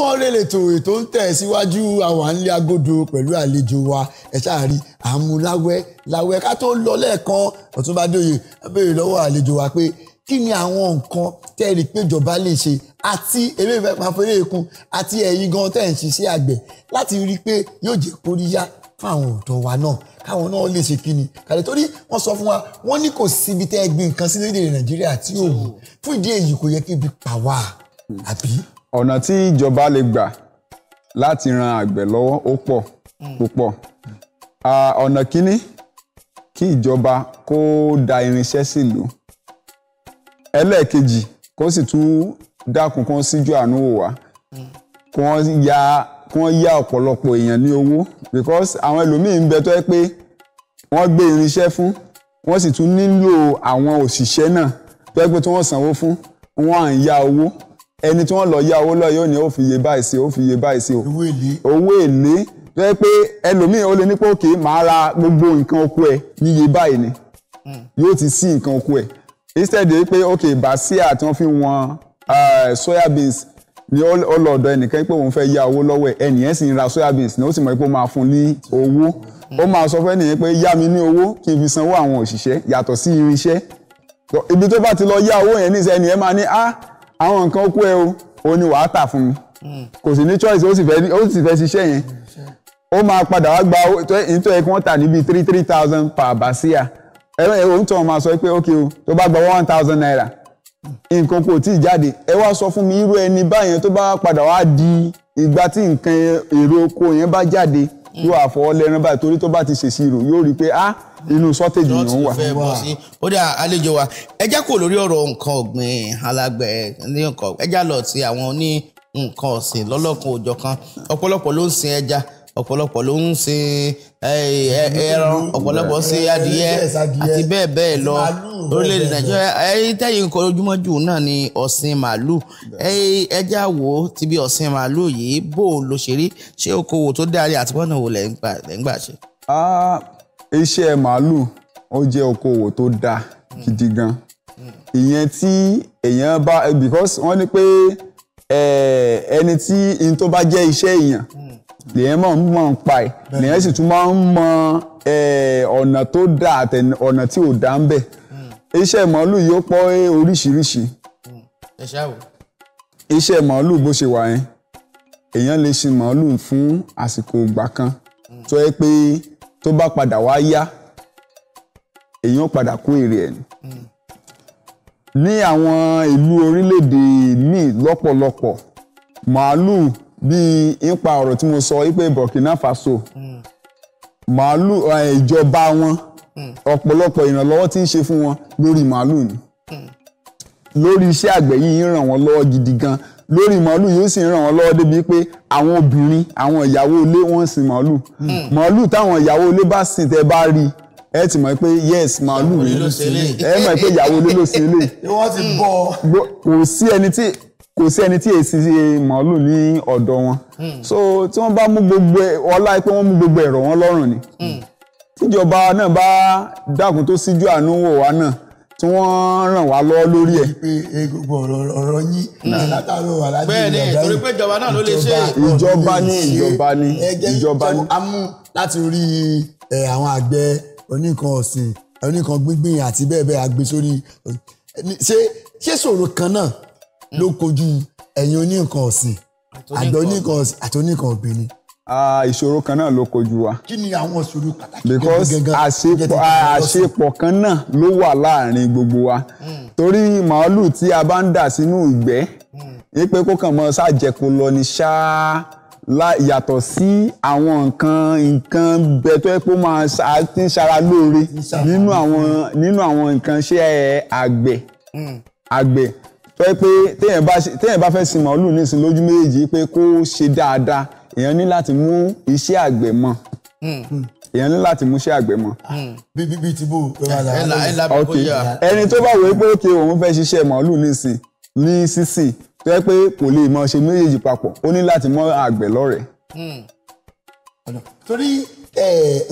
ojúmọ́ ire lètò ètò ń tẹ̀ síwájú àwọn àńlé agodo pẹ̀lú àlejò wa ẹ ṣáàrí àmúláwẹ́ láwẹ́ ká tó lọ lẹ́ẹ̀kan Ọ̀túnba Adéoyè béèrè lọ́wọ́ àlejò wa pé kí ni àwọn nǹkan tẹ́ rí pé ìjọba lè ṣe àti ewé ìfẹ́ pàfẹ́rẹ́ èkún àti ẹ̀yin gan tẹ̀ ń ṣiṣẹ́ àgbẹ̀ láti rí i pé yóò jẹ́ kóríyá fún àwọn ọ̀dọ́ wa náà káwọn náà lè ṣe kí ni kàlẹ́ torí wọ́n sọ fún wa wọ́n ní kò síbi tẹ́ ẹ gbin nǹkan sí lédè Nàìjíríà tí ò wù fún ìdí èyí kò yẹ kí ibi pa wá àbí ọ̀nà tí ìjọba lè gbà láti ran àgbẹ̀ lọ́wọ́ ó pọ̀ púpọ̀ ọ̀nà kínní kí ìjọba kó da irinṣẹ́ sílùú ẹlẹ́ẹ̀kejì kó sì tún dákun kó síjú àánú wò wá kó ya kó ọ̀pọ̀lọpọ̀ èèyàn ní owó because àwọn ẹlòmíín ń bẹ tó yẹ pé wọ́n gbé irinṣẹ́ fún wọ́n sì tún nílò àwọn òṣìṣẹ́ náà tó yẹ pé tí wọ́n sanwó fún wọ́n à ń ya owó ẹni tí wọ́n lọ yá owó lọ́yọ̀ ni ó fi iye báyìí sí ó fi iye báyìí sí o owó èlé tó yẹ pé ẹlòmíì ó lè ní pé òkè máa ra gbogbo nǹkan oko ẹ níye báyìí ni hmm. yóò ti sí nǹkan oko ẹ instead pé òkè bàṣíà tí wọ́n fi wọn soya beans ni ó lọ ọ̀dọ̀ ẹnìkan pé òun fẹ́ yá owó lọ́wọ́ ẹ ẹnìyẹn sì ń ra soya beans ni ó sì mọ̀ pé ó máa fún ní owó ó máa sọ fún ẹnìyẹn pé yá mi ní owó kí n fi sanwó àwọn òṣìṣẹ́ yàtọ̀ sí irinṣẹ́ ibi tó bá ti lọ yá owó yẹn níṣẹ́ ẹnìyẹn máa ní ah àwọn nǹkan kú ẹ o ò ní wàá tà fún mi hmm. kò sì ní choice ó sì fẹ́ ó sì fẹ́ ṣiṣẹ́ yẹn hmm, ó máa padà wá gba nítorí ẹ kí wọ́n tà níbi three three thousand per basia ẹ òun tí wọ́n máa sọ pé ok o tó bá gba one thousand naira nǹkan kò tí ì jáde ẹ wá sọ fún mi irú ẹni báyẹn tó bá padà wá di ìgbà tí nǹkan èrè oko yẹn bá jáde hmm. yóò àfọwọ́lẹ́rán báyìí torí tó bá ti ṣèṣirò yóò rí i pé ah inú sọ́tẹ̀jì ló ń wà. ó dà àlejò wa ẹjá kò lórí ọ̀rọ̀ nǹkan ọ̀gbìn alágbẹ̀ ní nǹkan ẹjá lọ ti àwọn ní nǹkan ọ̀sìn lọ́lọ́kan òjọ̀ kan ọ̀pọ̀lọpọ̀ ló ń sin ẹja ọ̀pọ̀lọpọ̀ ló ń sin ẹran ọ̀pọ̀lọpọ̀ ń sin adìyẹ àti bẹ́ẹ̀ bẹ́ẹ̀ lọ orílẹ̀-èdè nàìjíríà ẹ̀yìn tẹ̀yìn nǹkan ojúmọ́jú náà ni ọ̀sìn màálù ẹja wo ti bí ọ̀sìn màálù yìí bó o lo ṣe rí ṣé okòwò tó dáa rí àtibọ́nà wo lẹ́ ń gbà ṣe. Ah, iṣẹ́ màálù ó jẹ́ okòwò tó dáa gidi gan ìyẹn tí èèyàn bá because wọ́n ní pé ẹni tí n tó bá jẹ́ iṣẹ́ èèyàn lèyẹn máa ń mọ̀ ń pa ẹ̀ lèyẹn sì tún máa ń mọ ọ̀nà tó dáa àti ọ̀nà tí ò dáa ń bẹ̀ iṣẹ́ màálù yóò pọ̀ oríṣiríṣi iṣẹ́ màálù bó ṣe wà yẹn èèyàn lè ṣe màálù fún àsìkò ìgbà kan hmm. tó yẹ pé tó bá padà wá yá èèyàn padà kó èrè ẹ̀ ní àwọn ìlú orílẹ̀-èdè míì lọ́pọ̀lọpọ̀ màálùú bíi nípa ọ̀rọ̀ tí mo sọ wípé Burkina Faso màálùú ìjọba wọn ọ̀pọ̀lọpọ̀ ìrànlọ́wọ́ tí ń ṣe fún wọn lórí màálùú ni lórí iṣẹ́ àgbẹ̀ yìí ń ràn wọ́n lọ́wọ́ gidi gan-an lórí màálù yóò sì ràn wọ́n lọ́wọ́ débi pé àwọn obìnrin àwọn ìyàwó ilé wọ́n sin màálù hmm. màálù táwọn ìyàwó ilé bá sìn tẹ́ bá rí i ẹ ti mọ̀ pé yes màálù rẹ̀ ló ṣe lè ẹ mọ̀ pé ìyàwó ló ló ṣe lè. wọ́n ti bọ̀. kò sí ẹni tí kò sí ẹni tí èsì màálù ní ọ̀dọ̀ wọn. Hmm. so tí wọ́n bá mú gbogbo ọlá pé wọ́n mú gbogbo ẹ̀rọ wọn lọ́rùn ni. Hmm. tíjọba náà bá dákun tó síjú àánú wò wá náà tí wọ́n ràn wá lọ́wọ́ lórí ẹ̀. pé gbogbo ọ̀rọ̀ ọ̀rọ̀ yín látàrọ aládé ìjọba yìí bẹ́ẹ̀ ni torí pé ìjọba náà ló lè ṣe ìjọba ní ìjọba ní ìjọba ní. amú láti orí àwọn àgbẹ̀ oníkan ọ̀sìn oníkan gbíngbìn àti bẹ́ẹ̀ bẹ́ẹ̀ àgbẹ̀ sórí ṣé ṣé ṣòro kan náà ló kojú ẹ̀yin oníkan ọ̀sìn àgbẹ̀ oníkan ọ̀sìn àti oníkan ọ̀gbìn ni ìṣòro kan náà ló kojú wa. kí ni àwọn ìṣòro pàtàkì gẹ́gẹ́ gẹ́gẹ́ àṣepọ̀ kan náà ló wà láàrin gbogbo wa hmm. torí màálù tí a bá ń dà sínú ìgbẹ́ hmm. ní pé kó kàn mọ́ ṣáàjẹ́ kó lọ ní ṣáá yàtọ̀ sí àwọn nǹkan nǹkan bẹ tó máa ti ń ṣara lóore nínú àwọn nǹkan ṣe àgbẹ̀ hmm. àgbẹ̀ tó yẹ pé téèyàn bá fẹ́ sin màálù nísìn lójú méjèèjì pé kó ṣe dáadáa èèyàn ní láti mú iṣẹ́ àgbẹ̀ mọ́ hmm. èèyàn ní láti mú iṣẹ́ àgbẹ̀ mọ́. bíbí bíi tìbú ẹni tó bá wòó pé òkè òun fẹ́ ṣiṣẹ́ màálù nísìn ní sísìn tó yẹ pé kò lè mọ ṣe méjèèjì papọ̀ ó ní láti mọ àgbẹ̀ lọ́rẹ̀ẹ́. Hmm. torí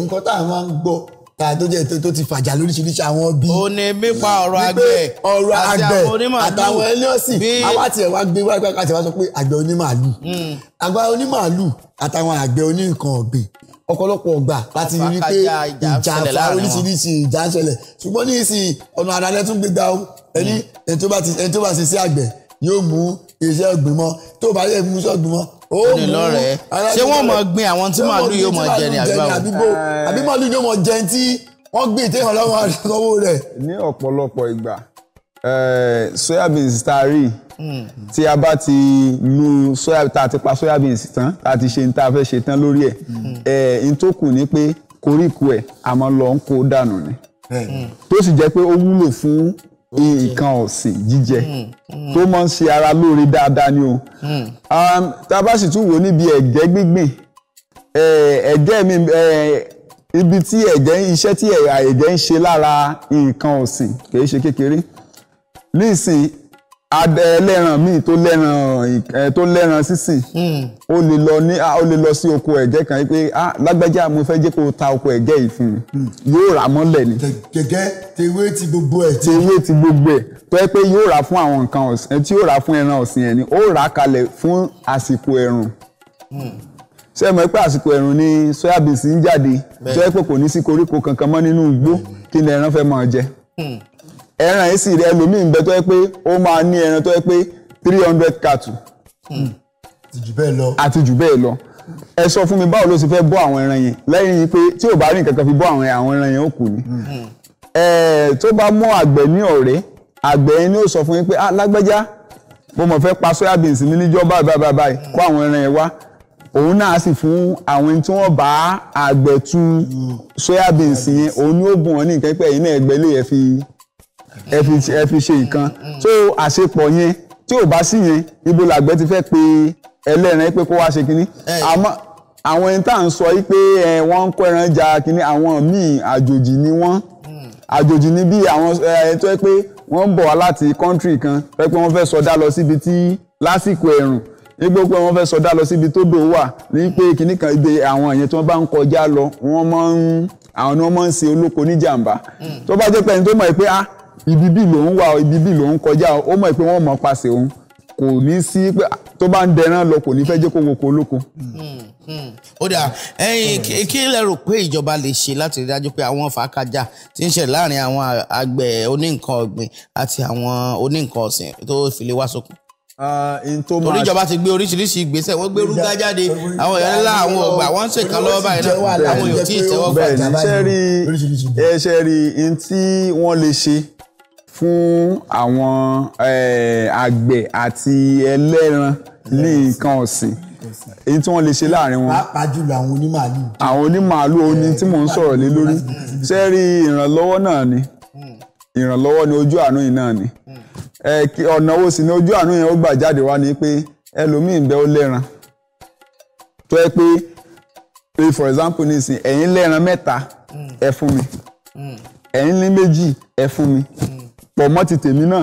nǹkan tá a máa ń gbọ́ tó jẹ́ tó ti fàjà lóríṣiríṣi àwọn bíi. ó ní nípa ọ̀rọ̀ àgbẹ̀ ọ̀rọ̀ àgbẹ̀ àtàwọn ẹni ọ̀sìn àwa tiẹ̀ wá gbé wá gbé àti wá sọ pé àgbẹ̀ onímàálù hmm. àgbà onímàálù àtàwọn àgbẹ̀ oníǹkan ọ̀gbìn ọ̀pọ̀lọpọ̀ ọgbà láti rí pé ìjà àfa oríṣiríṣi ìjà ń ṣẹlẹ̀ ṣùgbọ́n ní ìsìn ọ̀nà àdàlẹ́ tún gbégbá o ẹni hmm. ẹni tó bá ṣe sí àgbẹ̀ yóò mú iṣẹ́ ọ̀gbìn mọ́ tó bá yẹ mú iṣẹ́ ọ̀gbìn mọ́ ó ní lọ́rẹ̀ẹ́ ṣé wọ́n mọ̀ gbin àwọn tí màálù yóò mọ̀ jẹ ní àbíbáwò. àbí màálù yóò mọ̀ jẹ tí wọ́n gbìn tí èèyàn lọ́wọ́ àdìsọ́wọ́ rẹ̀. ní ọ̀pọ̀lọpọ̀ ìgbà soyabeans tá a rí hmm. tí a bá ti lu soya tá a ti pa soyabeans tán tá a ti ṣe ní tá a fẹ́ ṣe tán lórí ẹ̀ hmm. n tó kù ni pé koríko ẹ̀ àmọ́ lọ ń kó dànù ni tó sì jẹ́ pé ó wúlò fún nǹkan ọ̀sìn jíjẹ mm, mm. tó máa ń ṣe ara lóore dáadáa ni o mm. tá a bá sì tún wò níbi ẹ̀gẹ́ gbígbìn ẹ̀gẹ́ mi ibi tí ẹ̀gẹ́ iṣẹ́ tí ẹ̀gẹ́ ń ṣe lára nǹkan ọ̀sìn kì í ṣe kékeré nísìnyí abẹ ẹlẹ́ran míì tó lẹ́ran tó lẹ́ran sísìn o hmm. lè lọ ní ó lè lọ sí oko ẹ̀gẹ́ kan pé ah lágbájá mo fẹ́ jẹ́ kó o ta oko ẹ̀gẹ́ yìí fún mi hmm. yóò rà mọ́lẹ̀ ni. gẹ́gẹ́ tewé ti gbogbo ẹ̀. tewé ti gbogbo ẹ̀ tó yẹ pé yóò rà fún àwọn nǹkan ọ̀sìn tí yóò rà fún ẹran ọ̀sìn ẹ̀ ni ó rà kalẹ̀ fún àsìkò ẹ̀rùn hmm. ṣé ẹ mọ̀ pé àsìkò ẹ̀rùn ni soyabeans ń jáde tó pé kò ní sí koríko kankan mọ́ nínú igbó kí ni ẹran fẹ́ máa jẹ ẹran yìí sì rí ẹlòmíì ń bẹ tó yẹ pé ó máa ní ẹran tó yẹ pé three hundred cattle. àti hmm. jù bẹ́ẹ̀ lọ. àti jù bẹ́ẹ̀ lọ ẹ sọ fún mi báwo ló ṣe fẹ́ bọ́ àwọn ẹran yẹn lẹ́yìn yìí pé tí ò bá rí nǹkan kan fi bọ́ àwọn ẹran yẹn ó kù ni. Hmm. Hmm. tó bá mú àgbẹ̀ ní ọ̀rẹ́ àgbẹ̀ yẹn ni ó sọ fún yín pé ah lágbẹ́já mo mọ̀ fẹ́ pa soya beans mi níjọ́ báyìí báyìí báyìí kó àwọn ẹran yẹn wá òun náà sì fún àwọn tí wọ́n bá àgbẹ̀ tu soya beans yẹn òun ni ó bùn wọn ní nǹkan pé ẹ̀yin náà ẹgbẹ́ lè yẹ fi ẹ fi ẹ fi ṣe nǹkan so àṣepọ̀ yẹn tí ò bá sí yẹn ibo làgbẹ̀ ti fẹ́ pe ẹlẹ́ran pé kó wá ṣe kínní àmọ́ àwọn ẹni tá à ń sọ yìí pé wọ́n ń kó ẹran ja kínní àwọn míì àjòjì ni wọ́n hmm. àjòjì ni bí àwọn ẹni tó yẹ pé wọ́n ń bọ̀ wá láti kọ́ńtírì kan pé wọ́n fẹ́ sọdá lọ síbi tí lásìkò ẹ̀rùn nígbà pé wọ́n fẹ́ sọdá lọ síbi tó dò wà ní pé kínní kan ibi àwọn èèyàn tí wọ́n bá ń kọjá lọ wọ́n máa ń àwọn ni wọ́n máa ń se olóko níjàmbá hmm. tó bá jẹ́ pé ẹni tó mọ̀ pé ah Ibibi bí lòun wà ibi bí lòun kọjá ó mọ̀ pé wọ́n mọ̀ paṣẹ òun kò ní sí pé tó bá ń dẹran lọ kò ní fẹ́ jẹ́ kó woko olóko. ó dà ẹ̀yin kí lẹ rò pé ìjọba lè ṣe láti rí dájú pé àwọn fàákàjà ti ń ṣe láàrin àwọn àgbẹ̀ oníǹkan ọ̀gbìn àti àwọn oníǹkan ọ̀sìn tó fi lè wá sókun torí ìjọba ti gbé oríṣiríṣi ìgbésẹ̀ wọ́n gbé rúgá jáde àwọn èèyàn ńlá àwọn ọ̀gbà wọ́n ń ṣèkan lọ́wọ́ báyìí náà àwọn èèyàn tí ì fún àwọn eh, àgbẹ̀ àti ẹlẹ́ran ní nǹkan ọ̀sìn èyí tí wọ́n lè ṣe láàrin wọn. pàápàá jùlọ àwọn onímàálù. àwọn onímàálù oní tí mò ń sọ̀rọ̀ lé lórí ṣé rí ìrànlọ́wọ́ náà ni hmm. ìrànlọ́wọ́ ni ojú àánú yìí náà ni hmm. ọ̀nà wo sì ni ojú àánú yẹn ó gbà jáde wá ni pé ẹlòmíín bẹ́ẹ̀ ó lẹ́ran tó yẹ pé pé for example nísìnyí ẹ̀yin lẹ́ran mẹ́ta hmm. ẹ fún mi ẹ̀yin ní méjì ẹ fún mi pọ̀ mọ́ ti tèmi náà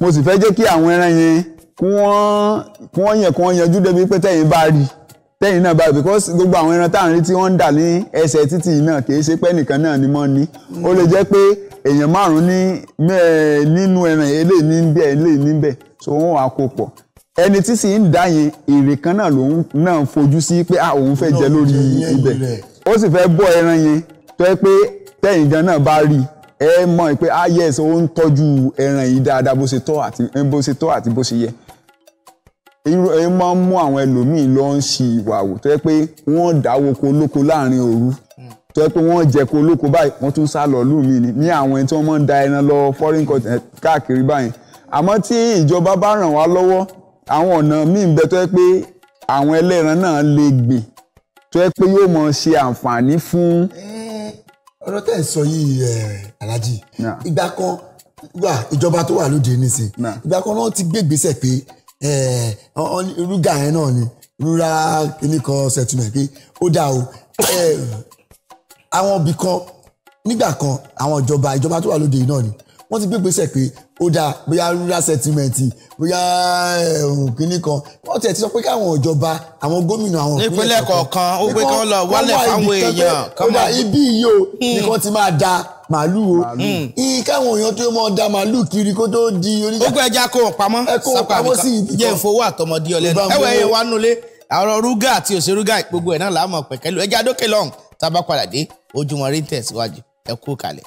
mo sì fẹ́ jẹ́ kí àwọn ẹran yẹn kí wọ́n kí wọ́n yẹn kí wọ́n yanjú débi pé tẹ̀yin bá rí tẹ̀yin náà bá rí because gbogbo àwọn ẹran táwọn rí tí wọ́n ń dà ní ẹsẹ̀ títì náà kì í ṣe pé nìkan náà ni mọ́ ni ó lè jẹ́ pé èèyàn márùn ní nínú ẹran eléyìí ní bẹ́ẹ̀ eléyìí ní bẹ́ẹ̀ so wọ́n wàá kó pọ̀ ẹni tí sì ń dá yẹn èrè kan náà lòun náà fojú sí pé ah òun fẹ́ jẹ lórí ibẹ̀ ó sì fẹ́ bọ́ ẹran yẹn tó yẹ pé tẹ̀yin gan náà bá rí i ẹ mọ̀ pé ah yes ó ń tọ́jú ẹran yìí dáadáa bó ṣe tọ́ àti eh, bó ṣe tọ́ àti bó ṣe yẹ ẹ máa ń mú àwọn ẹlòmíín lọ ń ṣì ìwà tó yẹ pé wọ́n dáwó ko lóko láàrin òru hmm. tó yẹ pé wọ́n jẹ ko lóko báyìí wọ́n tún sá lọ lù mí ni ní àwọn ẹni tí wọ́n máa ń da ẹran lọ foreign country eh, káàkiri báyìí àmọ́ tí ìjọba bá ràn wá lọ́wọ́ àwọn ọ̀nà míì ń bẹ tó yẹ pé àwọn ẹlẹ́ran náà lè gbìn tó yẹ pé yóò máa ṣe àǹfààní fún. Eh, ọ̀rọ̀ tẹ́ ẹ̀ sọ yìí aláàjì ìgbà kan wà ìjọba tó wà lóde nísìn ìgbà kan náà ti gbé ìgbésẹ̀ pé rúgà yẹn náà ni rural clinical settlement pé ó dá o àwọn ibì kan nígbà kan àwọn ìjọba ìjọba tó wà lóde yìí náà ni wọ́n ti gbé gbèsè pé ó dáa bóyá rural settlement bóyá eh, kínní kan wọ́n tẹ̀ ti sọ pé káwọn ìjọba àwọn gómìnà àwọn ìpínlẹ̀ kọ̀ọ̀kan ó pé kán lọ wálẹ̀ fáwọn èèyàn kán máa ibi yìí o hmm. nìkan ti máa da màálùú o iye hmm. káwọn èèyàn tó máa da màálùú kiri kó tó di oníjà. ó gbọ́ ẹja kó o pamọ́ sápá mi kan jẹ́ ìfowó àtọmọdé ọlẹ́nu ẹ̀wọ̀ ẹ̀yẹ wa nulẹ̀ àwọn rúgà àti òṣèrúgà gbogbo ẹ̀ náà làá mọ̀ pẹ̀kẹ́lú ẹja dókè lọ́hùn tá a bá padà dé Ojúmọ́ Ire tẹ̀síwájú ẹ kú kalẹ̀.